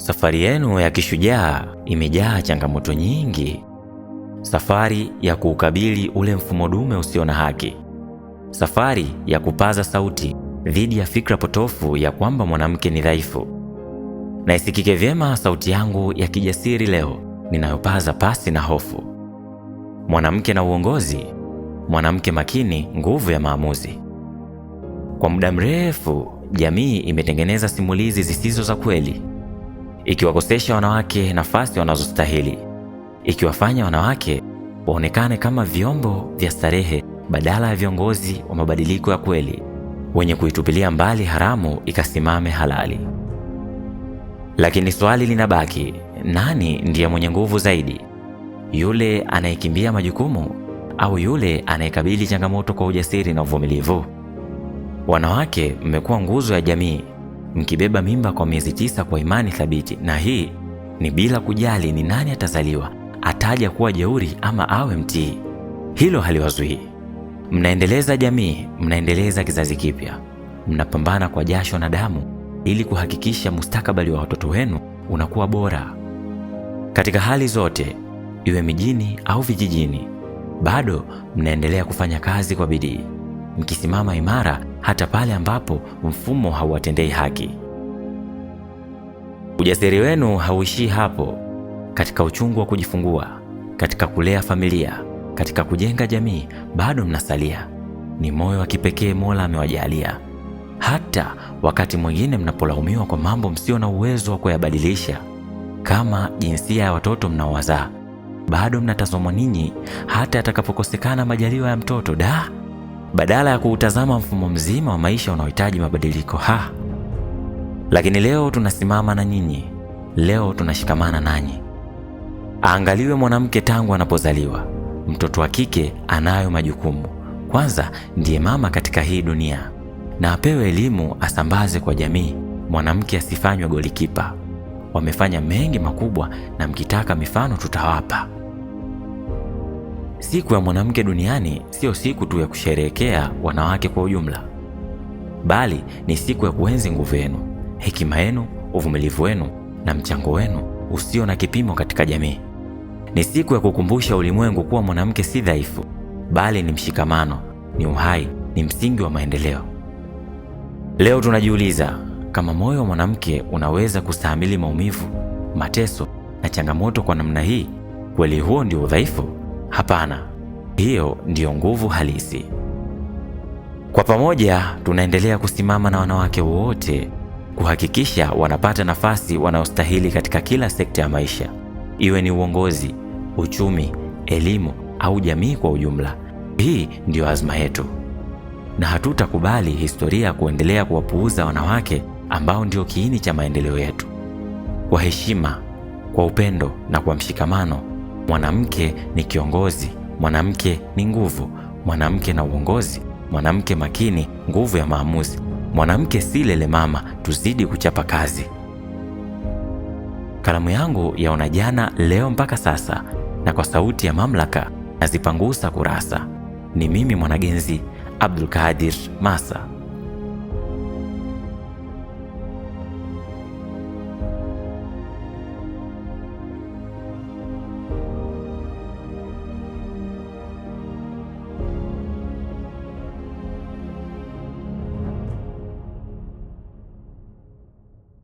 Safari yenu ya kishujaa imejaa changamoto nyingi, safari ya kuukabili ule mfumo dume usio na haki, safari ya kupaza sauti dhidi ya fikra potofu ya kwamba mwanamke ni dhaifu. Na isikike vyema sauti yangu ya kijasiri leo ninayopaza pasi na hofu. Mwanamke na uongozi, mwanamke makini, nguvu ya maamuzi. Kwa muda mrefu jamii imetengeneza simulizi zisizo za kweli ikiwakosesha wanawake nafasi wanazostahili, ikiwafanya wanawake waonekane kama vyombo vya starehe badala ya viongozi wa mabadiliko ya kweli, wenye kuitupilia mbali haramu ikasimame halali. Lakini swali linabaki, nani ndiye mwenye nguvu zaidi? Yule anayekimbia majukumu au yule anayekabili changamoto kwa ujasiri na uvumilivu? Wanawake mmekuwa nguzo ya jamii mkibeba mimba kwa miezi tisa kwa imani thabiti, na hii ni bila kujali ni nani atazaliwa, ataja kuwa jeuri ama awe mtii, hilo haliwazuii. Mnaendeleza jamii, mnaendeleza kizazi kipya, mnapambana kwa jasho na damu ili kuhakikisha mustakabali wa watoto wenu unakuwa bora. Katika hali zote, iwe mijini au vijijini, bado mnaendelea kufanya kazi kwa bidii, mkisimama imara hata pale ambapo mfumo hauwatendei haki. Ujasiri wenu hauishii hapo, katika uchungu wa kujifungua, katika kulea familia, katika kujenga jamii, bado mnasalia. Ni moyo wa kipekee Mola amewajalia, hata wakati mwingine mnapolaumiwa kwa mambo msio na uwezo wa kuyabadilisha, kama jinsia ya watoto mnaowazaa, bado mnatazamwa ninyi hata atakapokosekana majaliwa ya mtoto da badala ya kuutazama mfumo mzima wa maisha unaohitaji mabadiliko. Ha! Lakini leo tunasimama na nyinyi, leo tunashikamana nanyi. Aangaliwe mwanamke tangu anapozaliwa. Mtoto wa kike anayo majukumu. Kwanza ndiye mama katika hii dunia, na apewe elimu, asambaze kwa jamii. Mwanamke asifanywe golikipa. Wamefanya mengi makubwa, na mkitaka mifano tutawapa. Siku ya mwanamke duniani siyo siku tu ya kusherehekea wanawake kwa ujumla, bali ni siku ya kuenzi nguvu yenu, hekima yenu, uvumilivu wenu na mchango wenu usio na kipimo katika jamii. Ni siku ya kukumbusha ulimwengu kuwa mwanamke si dhaifu, bali ni mshikamano, ni uhai, ni msingi wa maendeleo. Leo tunajiuliza kama moyo wa mwanamke unaweza kustahimili maumivu, mateso na changamoto kwa namna hii, kweli huo ndio udhaifu? Hapana, hiyo ndiyo nguvu halisi. Kwa pamoja tunaendelea kusimama na wanawake wote kuhakikisha wanapata nafasi wanayostahili katika kila sekta ya maisha, iwe ni uongozi, uchumi, elimu au jamii kwa ujumla. Hii ndiyo azma yetu, na hatutakubali historia kuendelea kuwapuuza wanawake ambao ndio kiini cha maendeleo yetu. Kwa heshima, kwa upendo na kwa mshikamano mwanamke ni kiongozi, mwanamke ni nguvu, mwanamke na uongozi, mwanamke makini, nguvu ya maamuzi, mwanamke si lele mama, tuzidi kuchapa kazi. Kalamu yangu yaona jana, leo mpaka sasa, na kwa sauti ya mamlaka nazipangusa kurasa. Ni mimi mwanagenzi Abdulkadir Masa.